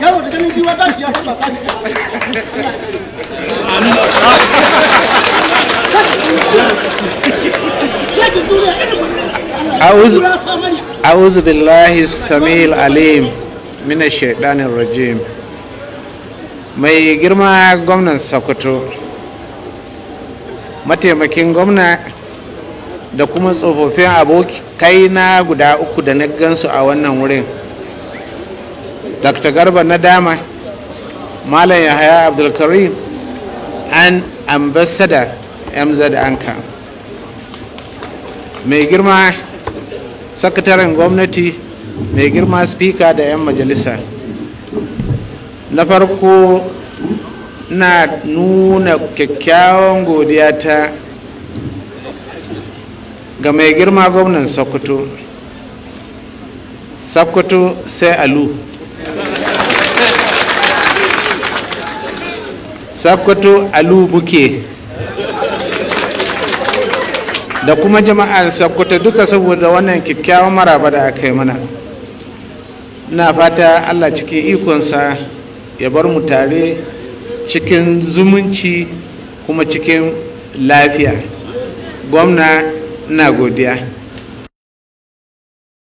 yaro da ganin giwa mai girma gwamnan sokoto mataimakin gwamna da kuma tsofaffin abokai na guda uku da na gansu a wannan wurin dr garba nadama malam yahaya abdulkarim and ambassador mz anka mai girma sakataren gwamnati mai girma spika da 'yan majalisa na farko na nuna kyakkyawan godiya ta ga mai girma gwamnan sokoto sokoto sai alu sakkwato alu buke da kuma jama'ar sakkwato duka saboda wannan kyakkyawan maraba da aka yi mana na fata allah cikin ikonsa ya bar mu tare cikin zumunci kuma cikin lafiya gwamna na godiya